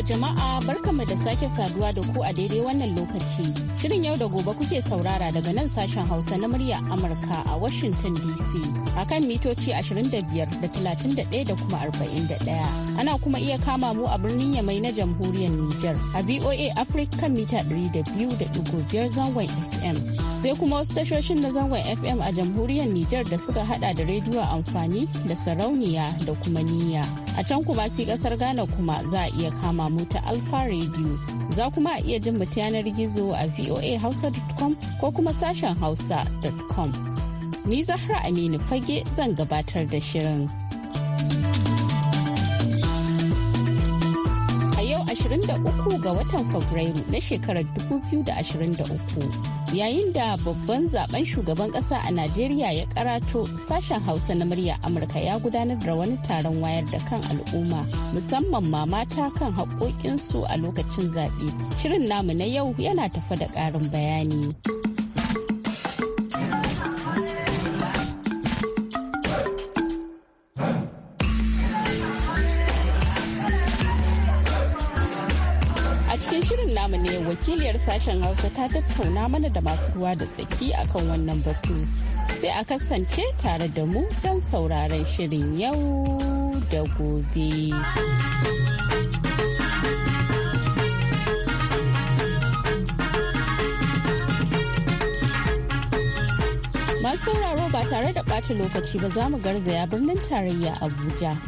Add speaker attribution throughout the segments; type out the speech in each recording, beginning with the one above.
Speaker 1: wa jama'a barkamu da sake saduwa da ku a daidai wannan lokaci. Shirin yau da gobe kuke saurara daga nan sashen Hausa na murya Amurka a Washington DC. a kan mitoci 25 da 31 da kuma 41. Ana kuma iya kama mu a birnin Yamai na jamhuriyar Nijar a BOA Africa mita 200.5 zangon FM. Sai kuma wasu tashoshin na zangon FM a jamhuriyar Nijar da suka hada da rediyo amfani da sarauniya da kuma niyya. A can kuma si kasar Ghana kuma za a iya kama mu ta Alfa Radio. Za kuma a iya jin mu yanar gizo a voahausa.com ko kuma sashen hausa.com. Ni Zahra Aminu Fage zan gabatar da shirin. A yau 23 ga watan Fabrairu na shekarar 2023 yayin da babban zaben shugaban kasa a Najeriya ya karato sashen Hausa na murya Amurka ya gudanar da wani taron wayar da kan al'umma musamman ma mata kan haƙoƙinsu a lokacin zaɓe. Shirin namu na yau yana tafa da ƙarin bayani. wakiliyar sashen hausa ta tattauna mana da masu ruwa da tsaki akan wannan batu sai a kasance tare da mu don sauraron shirin yau da gobe. masu sauraro ba tare da ɓata lokaci ba za mu garzaya birnin tarayya abuja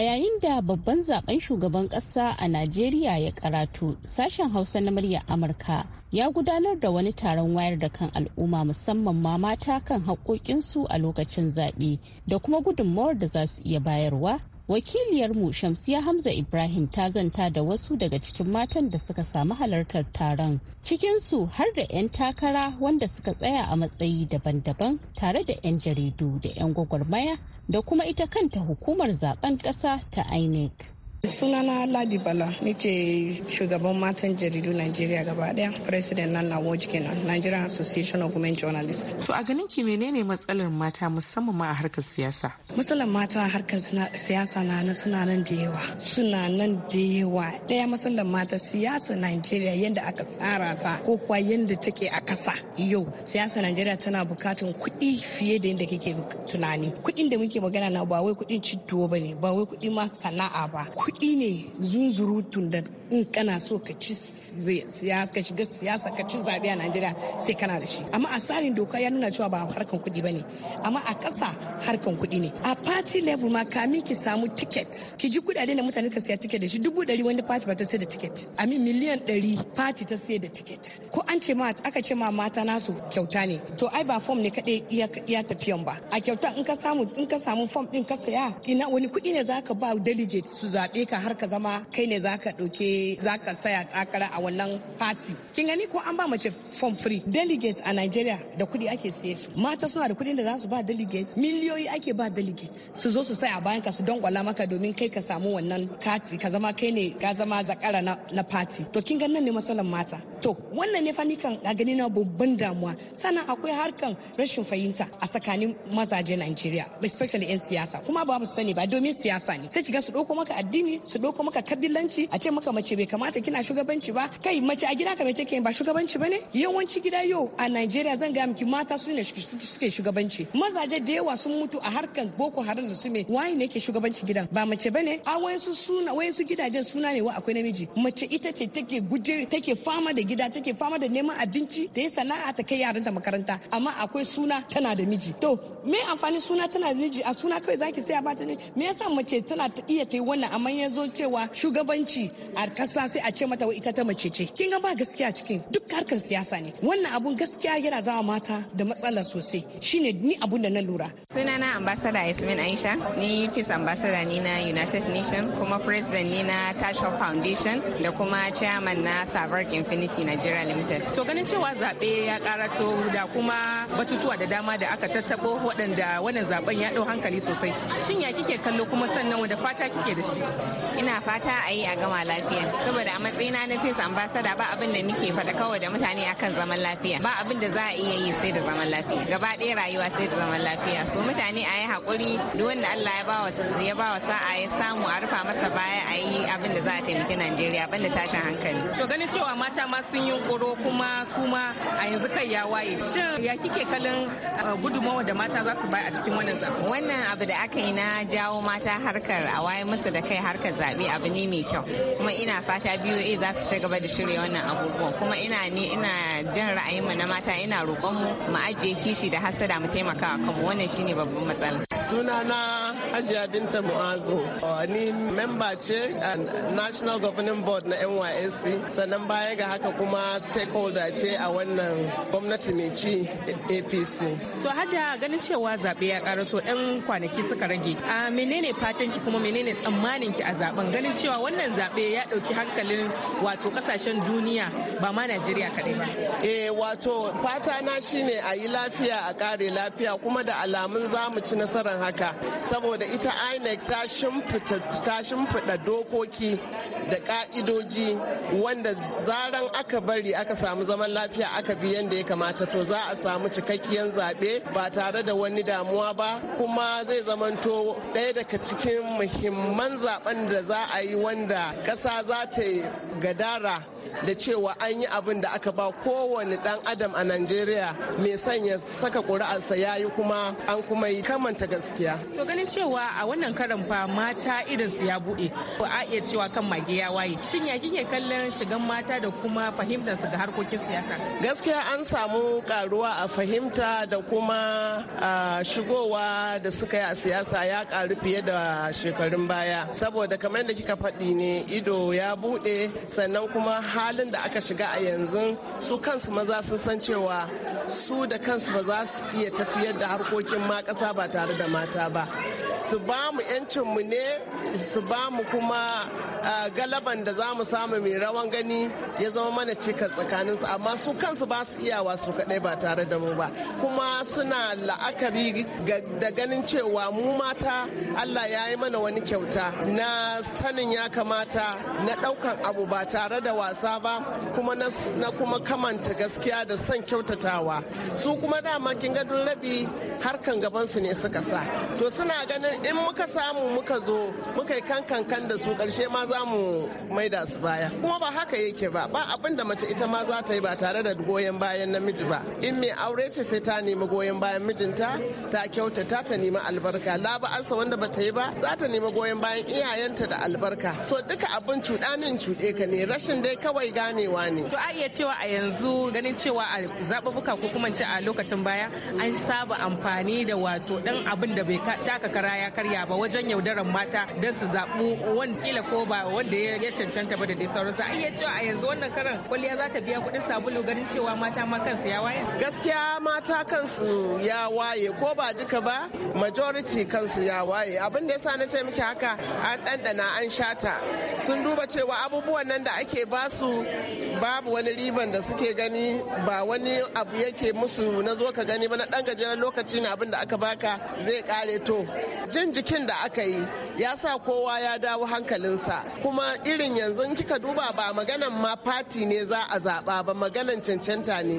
Speaker 1: A yayin da babban zaben shugaban kasa a Najeriya ya karatu, sashen Hausa na murya Amurka ya gudanar da wani taron wayar da kan al'umma musamman ma mata kan haƙoƙinsu a lokacin zaɓe da kuma gudunmawar da za su iya bayarwa wakiliyarmu shamsiya hamza ibrahim ta zanta da wasu daga cikin matan da suka samu halartar taron cikinsu har da 'yan takara wanda suka tsaya a matsayi daban-daban tare da 'yan jaridu da 'yan gwagwarmaya da kuma ita kanta hukumar zaben ƙasa ta inec sunana ladi bala ni ce shugaban
Speaker 2: matan jaridu nigeria gaba daya president nan na nawoji kenan nigerian association of women journalists to a ganin ki menene matsalar mata musamman ma a harkar siyasa matsalar mata a harkar siyasa na nan suna nan da yawa suna nan da yawa daya matsalar mata siyasa najeriya yadda aka tsara ta ko kuwa yadda take a kasa yau siyasa nigeria tana bukatun kuɗi fiye da yadda kike tunani kuɗin da muke magana na ba wai kuɗin cidduwa ba ne ba wai kuɗi ma sana'a ba kuɗi ne zunzurutun da in kana so ka ci siyasa ka shiga siyasa ka ci zaɓe a Najeriya sai kana da shi amma a tsarin doka ya nuna cewa ba harkan kuɗi bane amma a ƙasa harkan kuɗi ne a party level ma kamin ki samu ticket ki ji kuɗaɗe da mutane ka siya ticket da shi dubu ɗari wani party ba ta sai da ticket a mi miliyan ɗari party ta sai da ticket ko an ce ma aka ce ma mata nasu kyauta ne to ai ba form ne kaɗai ya tafiyan ba a kyauta in ka samu in ka form ɗin ka saya ina wani kuɗi ne za ka ba delegate su zaɓe ka har ka zama kai ne za ka ɗauke za ka saya takara a wannan party kin gani ko an ba mace form free delegates a Nigeria da kuɗi ake siye su mata suna da kuɗin da za su ba delegate miliyoyi ake ba delegate su zo su saya bayan ka su dangwala maka domin kai ka samu wannan kati ka zama kai ne ka zama zakara na, na party to kin nan ne matsalan mata to wannan ne fani kan a gani na babban damuwa sannan akwai harkan rashin fahimta a tsakanin mazaje Nigeria especially 'yan siyasa kuma ba su sani ba domin siyasa ne sai kiga su ɗauko maka addini addini su doko maka kabilanci a ce maka mace bai kamata kina shugabanci ba kai mace a gida kamar take ba shugabanci bane yawanci gida yau a Najeriya zan ga miki mata su ne suke shugabanci mazaje da yawa sun mutu a harkan boko haram da su me waye ne yake shugabanci gidan ba mace bane a su suna su gidajen suna ne wa akwai namiji mace ita ce take guje take fama da gida take fama da neman abinci ta yi sana'a ta kai yaran ta makaranta amma akwai suna tana da miji to me amfani suna tana da miji a suna kawai zaki sai a bata ne me yasa mace tana iya ta yi wannan amma ya zo cewa shugabanci a kasa sai a ce mata wa ita ta mace ce kin ga ba gaskiya cikin duk harkar siyasa ne wannan abun gaskiya yana zama mata da matsala sosai shine ni abun da na lura
Speaker 3: sunana ambassador Yasmin Aisha ni peace ambassador ni na United Nation kuma president ni na tasha Foundation da kuma chairman na sabar Infinity Nigeria Limited to ganin cewa zabe ya karato da kuma
Speaker 2: batutuwa da dama da aka tattabo waɗanda wannan zaben ya ɗau hankali sosai shin ya kike kallo kuma
Speaker 3: sannan wanda fata kike da shi ina fata a yi a gama lafiya saboda a matsayina na peace ambassador ba abin da muke fada kawai da mutane akan zaman lafiya ba abin da za a iya yi sai da zaman lafiya gaba ɗaya rayuwa sai da zaman lafiya so mutane a yi haƙuri duk wanda Allah ya bawa ya bawa sa'a ya samu a rufa masa baya a yi abin da za a taimaki Najeriya banda tashin hankali to
Speaker 2: ganin cewa mata ma sun yi ƙoro kuma su ma a yanzu kai ya waye shin ya kike kallon uh, gudunmawa da mata za su bai a cikin wannan zaɓen
Speaker 3: wannan abu da aka yi na jawo mata harkar a waye musu da kai harkar harkar zaɓe abu ne mai kyau kuma ina fata BOA za su ci gaba da shirya wannan abubuwan kuma ina ni ina jin ra'ayin mu na mata ina roƙon mu mu ajiye kishi da hasada mu taimaka kanmu wannan shine babban matsala
Speaker 4: sunana hajiya binta mu'azu ni memba ce a national governing board na nysc sannan baya ga haka kuma stakeholder ce a wannan gwamnati mai ci apc
Speaker 2: to hajiya ganin cewa zaɓe ya karato ɗan kwanaki suka rage a menene fatan ki kuma menene tsammanin ki a zaben ganin cewa wannan zaɓe ya ɗauki hankalin wato ƙasashen duniya ba ma najeriya kaɗai ba
Speaker 4: eh wato fata na shine a yi lafiya a ƙare lafiya kuma da alamun za mu ci nasara son haka saboda ita inec ta shimfiɗa dokoki da ƙa'idoji wanda zaran aka bari aka samu zaman lafiya aka bi yadda ya kamata to za a samu cikakkiyar zaɓe ba tare da wani damuwa ba kuma zai zamanto ɗaya daga cikin muhimman zaben da za a yi wanda ƙasa za ta gadara da cewa an yi abin da aka ba kowane dan adam a najeriya mai sanya saka ƙuri'arsa ya yi kuma an kuma yi kamanta gaskiya
Speaker 2: to ganin cewa a wannan karan fa mata idan su ya buɗe ba a iya cewa kan mage ya waye shin ya kike kallon shigan mata da kuma fahimtar su ga harkokin siyasa
Speaker 4: gaskiya an samu karuwa a fahimta da kuma shigowa da suka yi a siyasa ya karu fiye da shekarun baya saboda kamar da kika faɗi ne ido ya buɗe sannan kuma halin da aka shiga a yanzu su kansu maza sun san cewa su da kansu ba za su iya tafiyar da harkokin ma kasa ba tare da mata ba su ba mu mu ne su ba mu kuma galaban da za mu samu mai rawan gani ya zama mana cikas su amma su kansu ba su iyawa su kadai ba tare da mu ba kuma suna la'akari da ganin cewa mu mata allah ya yi mana wani kyauta na sanin ya kamata na ɗaukan abu ba tare da wasa wasa ba kuma na kuma kamanta gaskiya da son kyautatawa su kuma dama kin ga dun rabi harkan gaban su ne suka sa to suna ganin in muka samu muka zo muka yi kankan da su karshe ma za mu maida su baya kuma ba haka yake ba ba abin da mace ita ma za ta yi ba tare da goyon bayan namiji ba in mai aure ce sai ta nemi goyon bayan mijinta ta kyautata ta nemi albarka laba'arsa wanda ba ta yi ba za ta nemi goyon bayan iyayenta da albarka so duka abin cuɗanin cuɗe ka ne rashin dai kawai kawai ganewa ne
Speaker 2: to a iya cewa a yanzu ganin cewa a zaɓuɓɓuka ko kuma ce a lokacin baya an saba amfani da wato dan abin da bai taka kara ya karya ba wajen yaudaran mata don su zaɓu wani kila ko ba wanda ya cancanta ba da dai sauransu a iya cewa a yanzu wannan karan kwalliya za ta biya kuɗin sabulu ganin cewa mata ma kansu ya waye
Speaker 4: gaskiya mata kansu ya waye ko ba duka ba majority kansu ya waye abin da yasa na ce miki haka an ɗanɗana an shata sun duba cewa abubuwan nan da ake basu su babu wani riban da suke gani ba wani abu yake musu na zo ka gani ba na ɗan gajeren lokaci na abin da aka baka zai kare to jin jikin da aka yi ya sa kowa ya dawo hankalinsa kuma irin yanzu kika duba ba maganan ma fati ne za a zaba ba maganan cancanta ne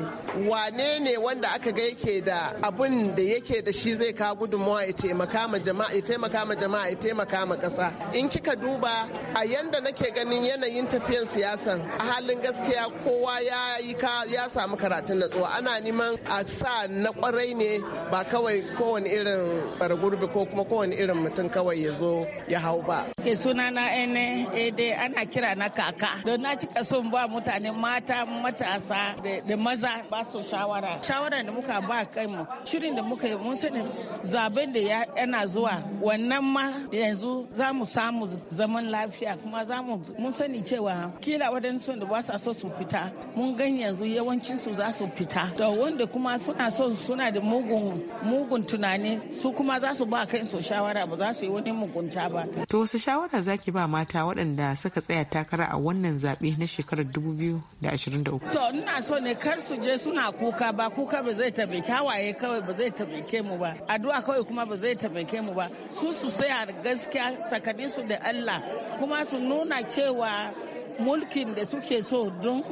Speaker 4: wane ne wanda aka ga yake da abin da yake da shi zai kawo gudunmawa ya taimaka ma jama'a ya taimaka ma jama'a ya taimaka ma kasa in kika duba a yanda nake ganin yanayin tafiyan siyasan a halin gaskiya kowa ya yi ya samu karatun natsuwa ana neman a sa na kwarai ne ba kawai kowane irin bargurbi ko kuma kowane irin mutum kawai ya zo ya hau ba.
Speaker 5: Ke suna na ene ede ana kira na kaka don na cika son ba mutane mata matasa da maza ba su shawara. Shawara da muka ba kai mu shirin da muka yi mun sani zaben da yana zuwa wannan ma yanzu za mu samu zaman lafiya kuma za mu mun sani cewa kila wadansu waɗansu da ba sa so su fita mun gan yanzu yawancin su za su fita da wanda kuma suna so suna da mugun mugun tunani su kuma za su ba kai su shawara ba za su yi wani mugunta ba
Speaker 2: to wasu shawara zaki ba mata waɗanda suka tsaya takara a wannan zaɓe na shekarar
Speaker 6: 2023
Speaker 5: to ina so ne kar su je suna kuka ba kuka ba zai tabe kyawaye kawai ba zai tabe mu ba addu'a kawai kuma ba zai tabe mu ba su su tsaya gaskiya tsakaninsu da Allah kuma su nuna cewa mulkin da suke so don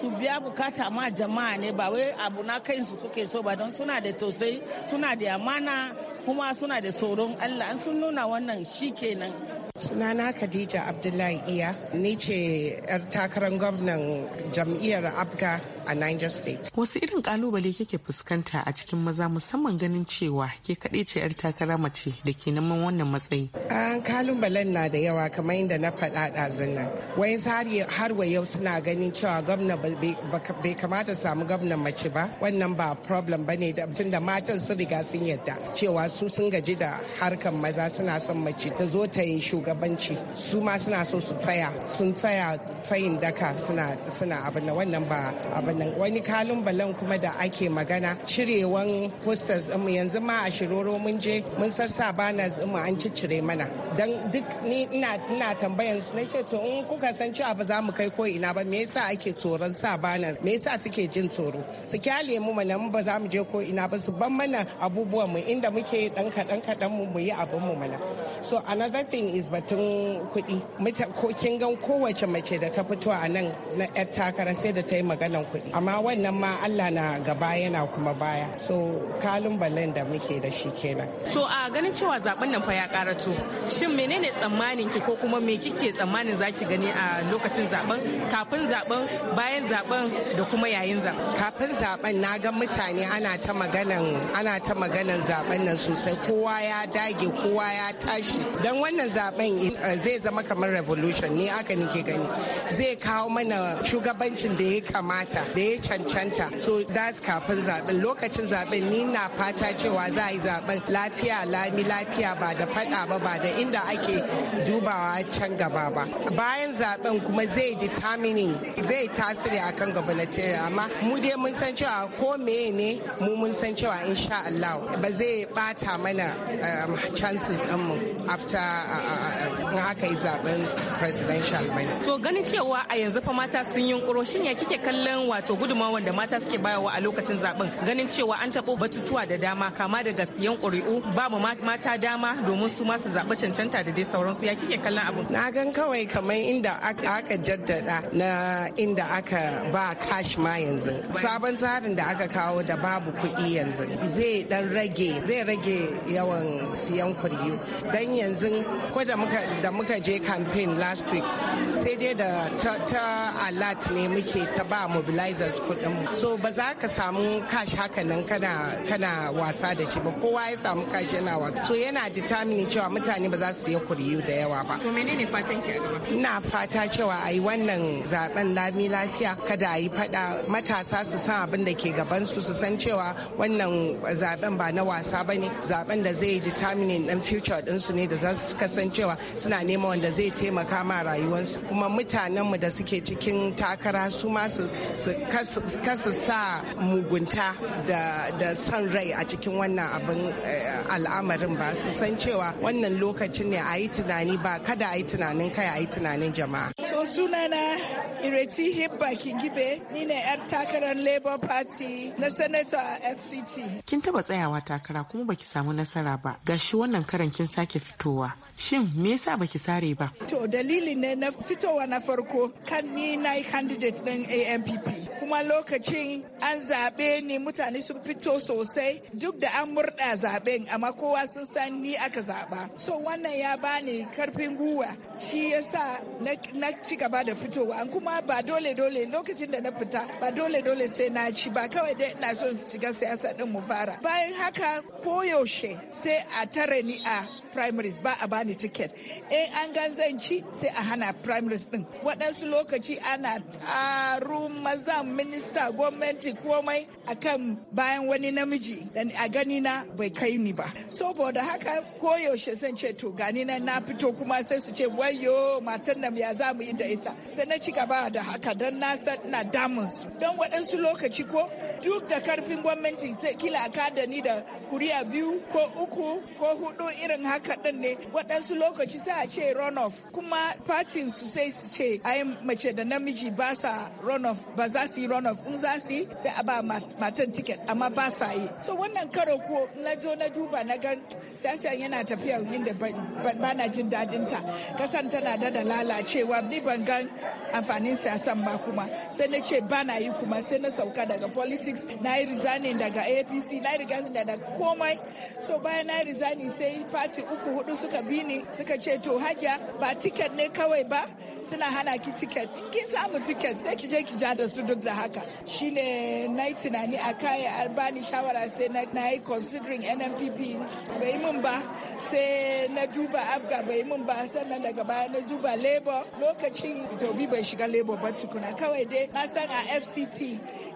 Speaker 5: su biya bukata ma jama'a ne ba wai abu na kansu suke so ba don suna da tausayi suna da amana kuma suna da tsoron allah an sun nuna wannan shikenan.
Speaker 6: sunana khadija abdullahi iya ni ce 'yar takarar gwamnan jam'iyyar abga a Niger State. Wasu irin kalubale kike fuskanta a cikin maza
Speaker 2: musamman ganin cewa ke kaɗai ce 'yar takara mace da ke neman wannan matsayi?
Speaker 6: An kalubalen na da yawa kamar yadda na faɗa ɗazin nan. Wai har wa yau suna ganin cewa gwamna bai kamata samu gwamnan mace ba wannan ba problem ba ne tun da matan sun riga sun yadda cewa su sun gaji da harkan maza suna son mace ta zo ta yi shugabanci su ma suna so su tsaya sun tsaya tsayin daka suna abin wannan ba abin nan wani balan kuma da ake magana cirewan posters mu yanzu ma a shiroro mun je mun sassa banners mu an ciccire mana dan duk ni ina ina tambayan su to in kuka san cewa ba za mu kai ko ina ba me yasa ake tsoron sa banners me yasa suke jin tsoro su kyale mu mana mu ba za mu je ko ina ba su ban mana abubuwan mu inda muke dan kadan kadan mu mu yi abun mu mana so another thing is batun kuɗi ko kin gan kowace mace da ta fito a nan na yar takara sai da ta yi maganan kuɗi amma wannan ma Allah na gaba yana kuma baya so balen da muke da shi kenan
Speaker 2: to a ganin cewa zaben nan fa ya karatu, shin menene tsammanin ki ko kuma me kike tsammanin zaki gani a lokacin zaben kafin zaben bayan zaben da kuma yayin zaben
Speaker 6: kafin zaben na ga mutane ana ta maganan ana ta maganan zaben nan sosai kowa ya dage kowa ya tashi dan wannan zaben eh, zai zama kamar revolution ni aka nike gani zai kawo mana shugabancin da ya kamata da ya cancanta so das kafin zaben lokacin zaben ni na fata cewa za a yi zaben lafiya lami lafiya ba da fada ba ba da inda ake dubawa can gaba ba bayan zaben kuma zai determining zai tasiri akan gwamnati amma mu dai mun san cewa ko meye ne mu mun san cewa insha Allah ba zai bata mana um, chances din mu after uh, uh, uh, in yi zaben presidential ba
Speaker 2: to ganin cewa a yanzu fa mata sun kuro shin ya kike kallon wa. wato gudunmawar da mata suke bayarwa a lokacin zaben ganin cewa an taɓo batutuwa da dama kama daga siyan ƙuri'u ba mu mata dama domin su masu zaɓi cancanta da dai sauransu ya kike kallon abin.
Speaker 6: Na gan kawai kamar inda aka jaddada na inda aka ba cash ma yanzu. Sabon tsarin da aka kawo da babu kuɗi yanzu zai dan rage zai rage yawan siyan ƙuri'u dan yanzu ko da muka da muka je campaign last week sai dai da ta, alert ne muke ta ba mobilize fertilizers kuɗin mu so ba za ka samu cash haka nan kana kana wasa da shi ba kowa ya samu cash yana wasa so yana determine cewa mutane ba za su yi kuriyu da yawa ba
Speaker 2: to menene fatan ki a gaba
Speaker 6: ina fata cewa a yi wannan zaben lami lafiya kada a yi fada matasa su san abin da ke gaban su su san cewa wannan zaben ba na wasa ba ne zaben da zai determine dan future su ne da za su cewa suna nema wanda zai taimaka ma rayuwarsu kuma mutanen mu da suke cikin takara su ma su kasa sa mugunta da son rai a cikin wannan abin eh, al'amarin ba su san cewa wannan lokacin ne a yi tunani ba kada a yi tunanin kai a yi tunanin jama'a.
Speaker 7: To sunana Ireti Hibba Kingibe ni ne 'yan takarar Labour Party na Senator a FCT.
Speaker 6: Kin taba
Speaker 2: tsayawa takara kuma baki samu nasara ba gashi wannan karan kin sake fitowa Shin me yasa baki sare ba?
Speaker 7: To dalili ne na fitowa na farko kan ni na yi candidate ɗin ANPP. Kuma lokacin an zaɓe ni mutane sun fito sosai duk da an murɗa zaben amma kowa sun san ni aka zaɓa. So wannan ya bani karfin gwiwa shi yasa na ci gaba da fitowa kuma ba dole dole lokacin da na fita ba dole dole sai na ci ba kawai dai ina son shiga siyasa din mu fara. Bayan haka koyaushe sai a tare ni a primaries ba a bani bani tiket in an gan zanci ci sai a hana primaries din waɗansu lokaci ana taru maza minista gwamnati komai akan bayan wani namiji da a gani na bai kai ni ba saboda haka koyaushe zan ce to gani na na fito kuma sai su ce wayo matan nan ya zamu yi da ita sai na ci gaba da haka don na san ina damun su don waɗansu lokaci ko duk da karfin gwamnati sai kila ka da ni da kuri'a biyu ko uku ko hudu irin haka din ne waɗansu lokaci sai a ce runoff kuma fatin su sai su ce ai mace da namiji ba sa runoff ba za su yi runoff in za su yi sai a ba matan tiket amma ba sa yi so wannan karo ko na zo na duba na gan siyasan yana tafiya inda ba na jin dadin ta kasan tana da da lalacewa ni ban gan amfanin siyasan ba kuma sai na ce ba na yi kuma sai na sauka daga politics na yi rizanin daga apc na yi rizanin daga komai so bayan na rizani sai fati uku hudu suka bi ni suka ce to hajiya ba tiket ne kawai ba suna hana ki tiket in kin samu tiket sai ki je ki ja da su duk da haka shine na yi tunani a kaya bani shawara sai na yi considering nnpp bai mun ba sai na duba abga bai mun ba sannan daga baya na duba labor. lokacin tobi bai shiga labor ba tukuna kawai dai na san a fct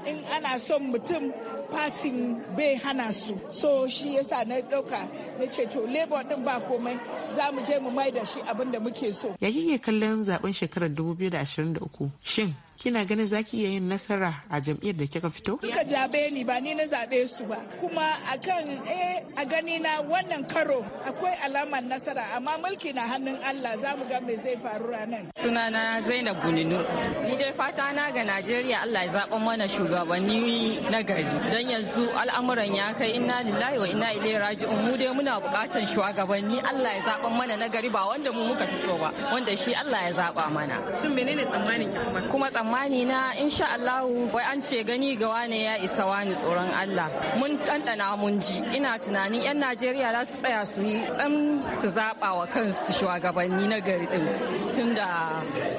Speaker 7: in ana son mutum patin bai hana su so shi yasa na dauka na ce to labor din ba komai za mu je mu mai da shi abin da muke so
Speaker 2: ya kike kallon zaben shekarar 2023 shin kina ganin zaki iya yin nasara a jam'iyyar da kika fito?
Speaker 7: Kuka zabe ni ba ni na zabe su ba. Kuma kan eh a gani na wannan karo akwai alamar nasara amma mulki na hannun Allah za mu ga me zai faru ranar.
Speaker 3: Sunana Zainab Guninu. Ni dai fata na ga Najeriya Allah ya zaɓa mana shugabanni na gari. Don yanzu al'amuran ya kai inna
Speaker 5: lillahi wa inna ilaihi raji'un mu dai muna buƙatar shugabanni Allah ya zaɓa mana na gari ba wanda mu
Speaker 2: muka fi so ba wanda shi Allah ya zaɓa mana. Shin menene tsammanin ki Kuma tsammani na insha
Speaker 3: Allah wai an ce gani ga wane ya isa wani tsoron Allah mun ɗanɗana mun ji ina tunanin 'yan Najeriya za su tsaya su yi tsam su zaɓa wa kansu shugabanni na gari ɗin tunda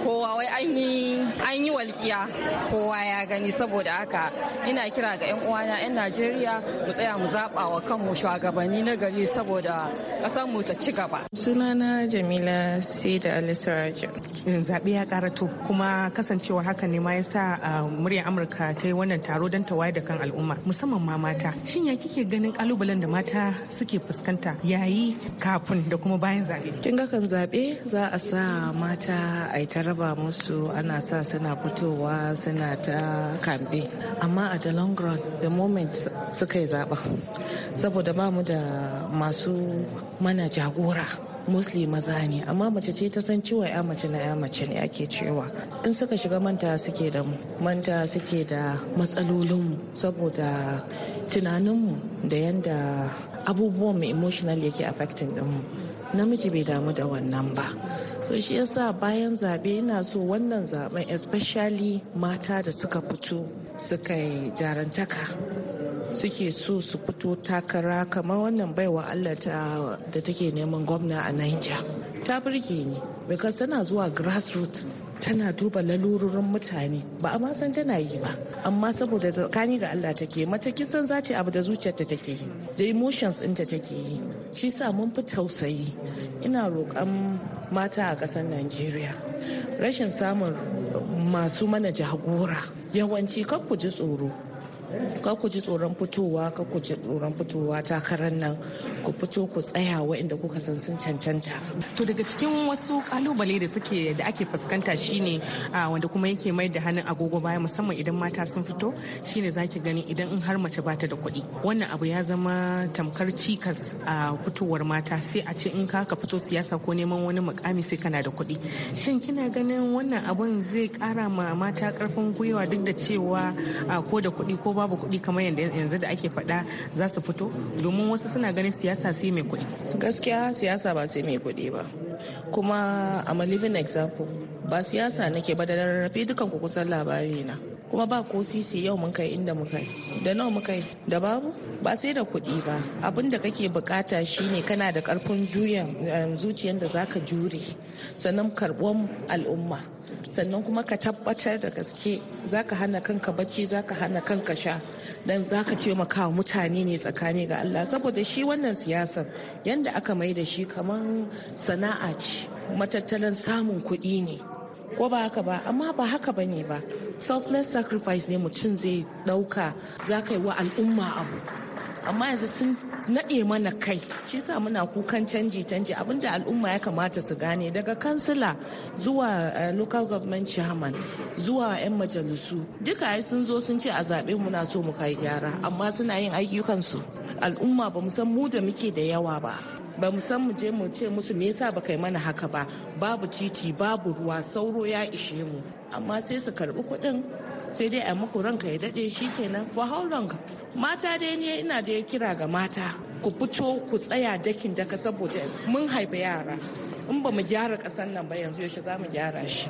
Speaker 3: kowa wai an yi walƙiya kowa ya gani saboda haka ina kira ga 'yan uwana 'yan Najeriya mu tsaya mu zaɓa wa
Speaker 2: kanmu shugabanni na gari saboda ƙasar mu ta ci gaba. Sunana Jamila Sida Alisaraja. Zaɓe ya karato kuma kasancewa haka ne ma ya sa muryar amurka ta yi wannan taro don ta da kan al'umma musamman ma mata shin ya kike ganin kalubalen da mata suke fuskanta yayi kafin da kuma bayan zabe. kin ga kan zabe za a sa mata a ta raba musu ana sa suna fitowa suna ta kambe amma a the long run the moment suka yi zaba saboda ba mu da masu mana jagora mostly maza ne amma mace ce ta san ciwon ya mace na ya mace ne ake cewa in suka shiga manta suke da manta suke da matsalolinmu saboda tunaninmu da yadda abubuwan mu emotional yake affecting dinmu namiji bai damu da wannan ba so shi yasa bayan zaɓe ina so wannan zaɓen especially mata da suka fito suka yi jarantaka suke so su fito takara kamar wannan baiwa allah da take neman gwamna a niger ta birge ni because tana zuwa grassroots tana duba lalurorin mutane ba a san tana yi ba amma saboda tsakani ga Allah take mata kisan za ta abu da zuciyarta take yi da emotions ɗinta take yi shi sa mun fi tausayi ina roƙon mata a ƙasar Najeriya rashin samun masu mana jagora yawanci kan ku ji tsoro ka ku ji tsoron fitowa ka ku ji tsoron fitowa takarar nan ku fito ku tsaya inda kuka san sun cancanta to daga cikin wasu kalubale da suke da ake fuskanta shine wanda kuma yake mai da hannun agogo baya musamman idan mata sun fito shine zaki gani idan in har mace bata da kuɗi wannan abu ya zama tamkar cikas a fitowar mata sai a ce in ka fito siyasa ko neman wani mukami sai kana da kuɗi shin kina ganin wannan abun zai kara ma mata karfin gwiwa duk da cewa ko da kuɗi ko ko babu kuɗi kamar yanzu da ake faɗa za su fito domin wasu suna ganin siyasa sai mai kuɗi gaskiya siyasa ba sai mai kuɗi ba kuma a living example ba siyasa nake ba da rarrafe dukan ku kusan labari na kuma ba ko sisi yau mun kai inda muka yi da nawa muka yi da babu ba sai da kuɗi ba abin da kake bukata shine kana da karfin eh, zuciyan da zaka jure sannan karɓuwan al'umma sannan kuma ka tabbatar da gaske za ka hana kanka bacci ka hana kanka sha don dan zaka taimaka mutane ne tsakani ga Allah saboda shi wannan siyasar yadda aka mai da shi kamar sana'a ce matattalan samun kuɗi ne ko ba haka ba amma ba haka ba ne ba selfless sacrifice ne mutum zai ɗauka za ka yi wa al'umma abu amma yanzu sun naɗe mana kai shi sa muna kukan canji canji abinda al'umma ya kamata su gane daga kansila zuwa eh, local government chairman zuwa 'yan majalisu duka ai sun zo sun ce a zaɓe muna so mu kai gyara amma suna yin ayyukansu al'umma ba mu san mu da muke da yawa ba ba mu san mu je mu ce musu me yasa ba kai mana haka ba babu titi babu ruwa sauro ya ishe mu amma sai su karbi kuɗin sai dai a muku ranka ya daɗe shi kenan for how long mata dai ne ina da kira ga mata ku fito ku tsaya dakin daka saboda mun haifa yara in ba mu gyara ƙasar nan ba yanzu yaushe za mu gyara shi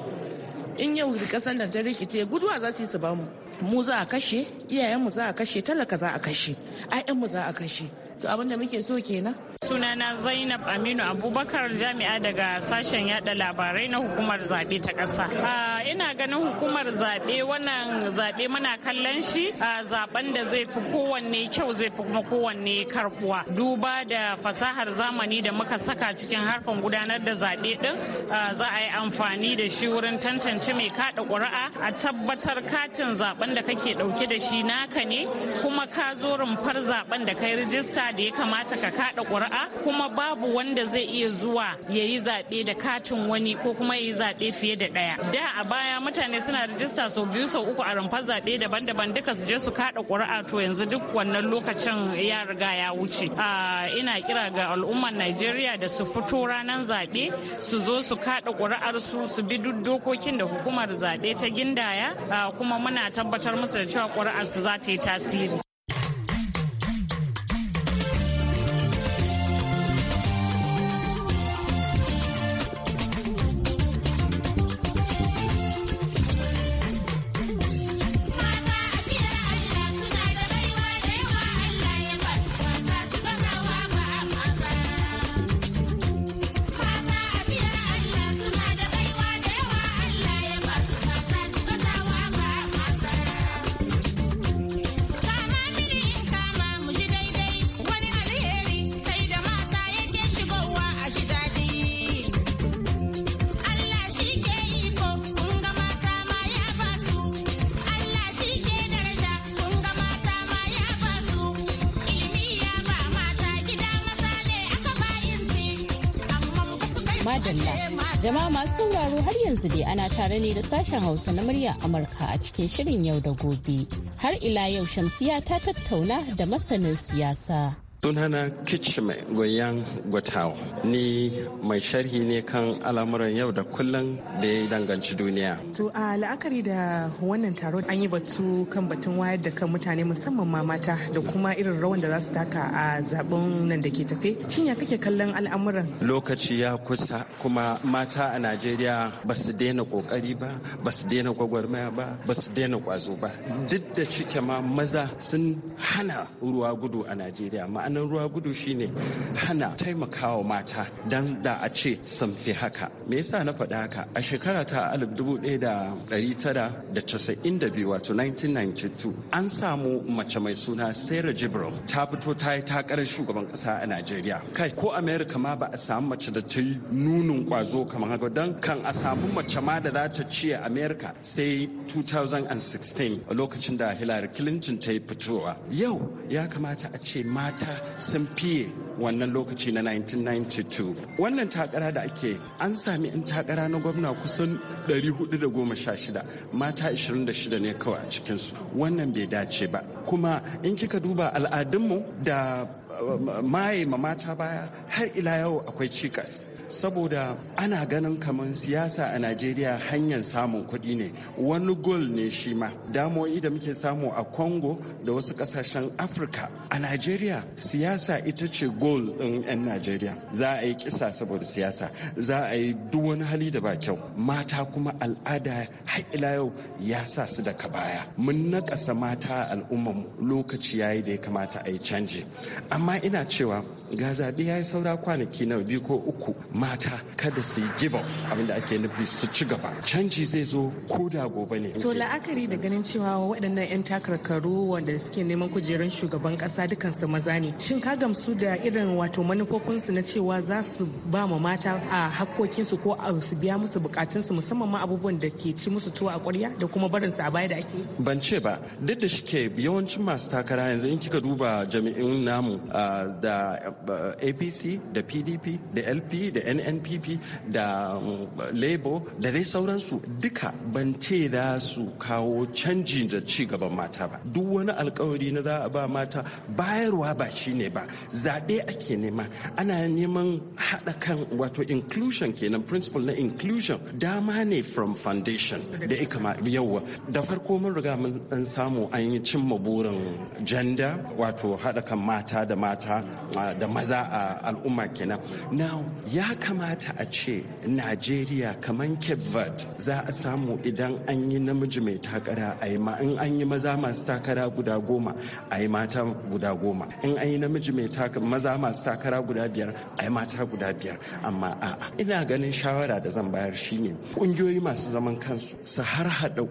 Speaker 2: in yau ƙasar nan ta rikice guduwa za su yi su bamu mu za a kashe iyayenmu za a kashe talaka za a kashe 'ya'yanmu za a kashe
Speaker 8: to abin da muke so kenan Sunana Zainab Aminu Abubakar jami'a daga sashen yada labarai na hukumar zaɓe ta ƙasa. Ina ganin hukumar zaɓe wannan zaɓe muna kallon shi a zaɓen da zai fi kowanne kyau zai fi kuma kowanne karbuwa. Duba da fasahar zamani da muka saka cikin harkar gudanar da zaɓe ɗin za a yi amfani da shi wurin tantance mai kaɗa ƙuri'a a tabbatar katin zaɓen da kake ɗauke da shi naka ne kuma ka zo rumfar zaɓen da kai rijista da ya kamata ka kaɗa ƙuri'a ƙuri'a kuma babu wanda zai iya zuwa ya yi zaɓe da katin wani ko kuma ya yi zaɓe fiye da ɗaya da a baya mutane suna rijista sau biyu sau uku a rumfar zaɓe daban-daban duka su je su kaɗa ƙuri'a to yanzu duk wannan lokacin ya riga ya wuce ina kira ga al'ummar najeriya da su fito ranar zaɓe su zo su kaɗa ƙuri'ar su su bi duk dokokin da hukumar zaɓe ta gindaya kuma muna tabbatar musu da cewa ƙuri'ar su za ta yi tasiri
Speaker 9: Jama'a masu sauraro
Speaker 1: har yanzu dai ana tare ne da sashen Hausa na murya Amurka a cikin shirin yau da gobe. Har ila yau Shamsiya ta tattauna da masanin siyasa.
Speaker 10: Sunana Kichme Goyan Gwatawa. Ni mai sharhi ne kan al'amuran yau da kullum da ya danganci duniya.
Speaker 2: To a la'akari da wannan taro an yi batu kan batun wayar da kan mutane musamman ma mata da kuma irin rawan da za su taka a zaben nan da ke tafe. Shin ya kake kallon al'amuran?
Speaker 10: Lokaci ya kusa kuma mata a Najeriya ba su daina kokari ba, ba su daina gwagwarmaya ba, ba su daina kwazo ba. Duk da cike ma maza sun hana ruwa gudu a Najeriya ma'ana ma'anar ruwa gudu shine hana taimakawa mata dan da a ce sun haka me yasa na faɗa haka a shekara ta da 1992 wato 1992 an samu mace mai suna sarah jibril ta fito ta yi takarar shugaban ƙasa a najeriya kai ko america ma ba a samu mace da ta yi nunin kwazo kamar haka don kan a samu mace ma da za ta ci america sai 2016 a lokacin da hillary clinton ta yi fitowa yau ya kamata a ce mata sun fiye wannan lokaci na 1992 wannan takara da ake an sami 'yan takara na gwamna kusan 416 mata 26 ne kawai a cikinsu wannan bai dace ba kuma in kika duba al'adunmu da maye ma mata baya har ila yau akwai cikas saboda ana ganin kamar siyasa a najeriya hanyar samun kuɗi ne wani gol ne shi ma damoyi da muke samu a congo da wasu ƙasashen afirka a najeriya siyasa ita ce gol ɗin 'yan najeriya za a yi kisa saboda siyasa za a yi duk wani hali da ba kyau mata kuma al'ada har yau ya sa su daga baya mun naƙasa mata al'ummarmu lokaci yayi da ya kamata a yi canji amma ina cewa ga zaɓe ya yi saura kwanaki na biyu ko uku mata kada su yi give up abinda ake nufi su ci gaba canji zai zo ko da gobe ne. to la'akari
Speaker 2: da ganin cewa waɗannan 'yan takarkaru wanda suke neman kujerun shugaban ƙasa dukansu maza ne shin ka gamsu da irin wato manufofinsu na cewa za su ba ma mata a hakkokinsu ko a su biya musu bukatunsu musamman ma abubuwan da ke ci musu tuwa a ƙwarya da kuma barinsu a baya da ake
Speaker 10: ban ce ba duk da shi ke yawancin masu takara yanzu in kika duba jami'in namu da Uh, apc da pdp da lp da nnpp da um, labour da dai sauransu duka ban ce za su kawo canji da cigaban mata ba duk wani alkawari na za a ba mata bayarwa ba shine ba zaɓe ake nema ana neman haɗa kan wato inclusion kenan principle na inclusion dama ne from foundation da ma yawa da farko mun riga mun samu an yi cimma burin janda wato haɗa kan mata da mata uh, da maza a al'umma kenan now ya kamata a ce najeriya kamar cape verde za a samu idan an yi namiji mai takara a yi in an yi maza masu takara guda goma a yi mata guda goma in an yi namiji mai takara maza masu takara guda biyar a yi mata guda biyar amma a'a ina ganin shawara da zan bayar shine kungiyoyi masu zaman kansu su har hada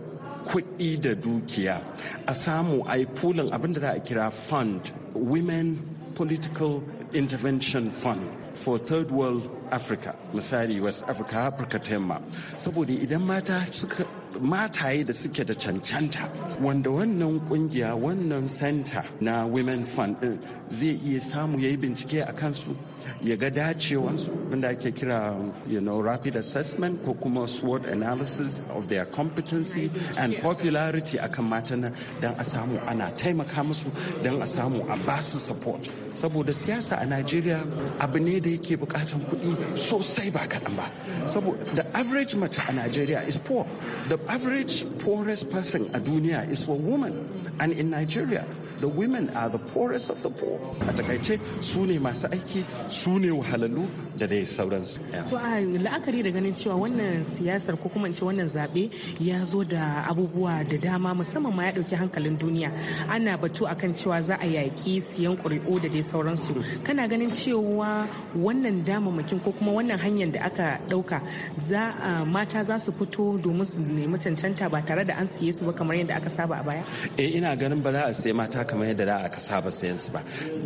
Speaker 10: kuɗi da dukiya a samu a yi pulin abinda za a kira fund women political intervention fund for third world africa misali west africa afirka ta yamma saboda idan mata suka mataye da suke da cancanta wanda wannan kungiya wannan santa na women fund din zai iya samu ya yi bincike a kansu ya ga dacewansu wanda ake kira you rapid assessment ko kuma SWOT analysis of their competency and popularity a kan matana don a samu ana taimaka musu don a samu a basu support saboda siyasa a Najeriya abu ne da yake bukatan kuɗi sosai ba kaɗan ba saboda the average mace a Najeriya is poor the average poorest person a duniya is a woman and in Nigeria the women are the poorest of the poor a takaice su ne masu aiki su ne wahalallu da dai sauransu to
Speaker 2: a la'akari da ganin cewa wannan siyasar ko kuma ce wannan zaɓe ya zo da abubuwa da dama musamman ma ya ɗauki hankalin duniya ana batu akan cewa za a yaƙi siyan ƙuri'u da dai sauransu kana ganin cewa wannan damamakin ko kuma wannan hanyar da aka ɗauka za mata za su fito domin su nemi nemi cancanta ba tare da an siye su ba kamar yadda aka saba a
Speaker 5: baya?
Speaker 10: Eh ina ganin ba za a sai mata kamar yadda za aka saba sayan su ba.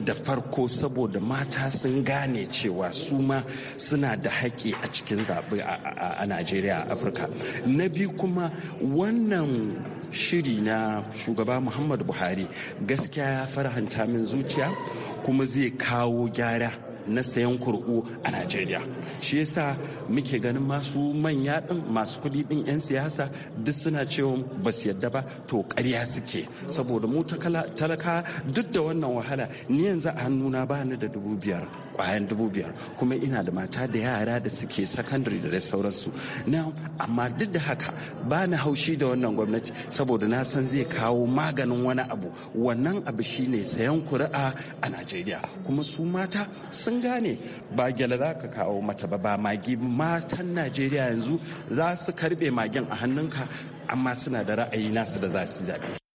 Speaker 10: Da farko saboda mata sun gane cewa su ma suna da haƙƙi a cikin zaɓe a Najeriya a Afirka. Na biyu kuma wannan shiri na shugaba Muhammadu Buhari gaskiya ya farhanta min zuciya kuma zai kawo gyara na sayan kurku a najeriya shi yasa muke ganin masu manya din masu kuɗi din 'yan siyasa duk suna cewa ba su yadda ba to ƙarya suke saboda mu talaka duk da wannan wahala ni yanzu a hannuna ba ni da dubu biyar kwayan dubu biyar kuma ina da mata da yara da suke sakandare da sauransu na amma duk da haka ba na haushi da wannan gwamnati saboda na san zai kawo maganin wani abu wannan abu shine sayan kuri'a a najeriya kuma su mata sun gane ba gyala za ka kawo mata ba ba magi matan najeriya yanzu za su karbe magin a hannunka amma suna da ra'ayi nasu da za su zaɓe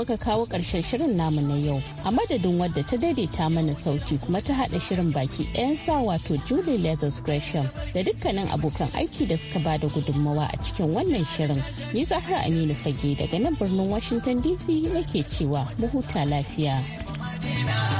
Speaker 1: muka kawo ƙarshen shirin namu na yau a madadin wadda ta daidaita mana sauti kuma ta haɗa shirin baki ɗayan sa wato julie leathers gresham da dukkanin abokan aiki da suka bada gudummawa a cikin wannan shirin ni zahra aminu fage daga nan birnin washington dc nake cewa mu huta lafiya.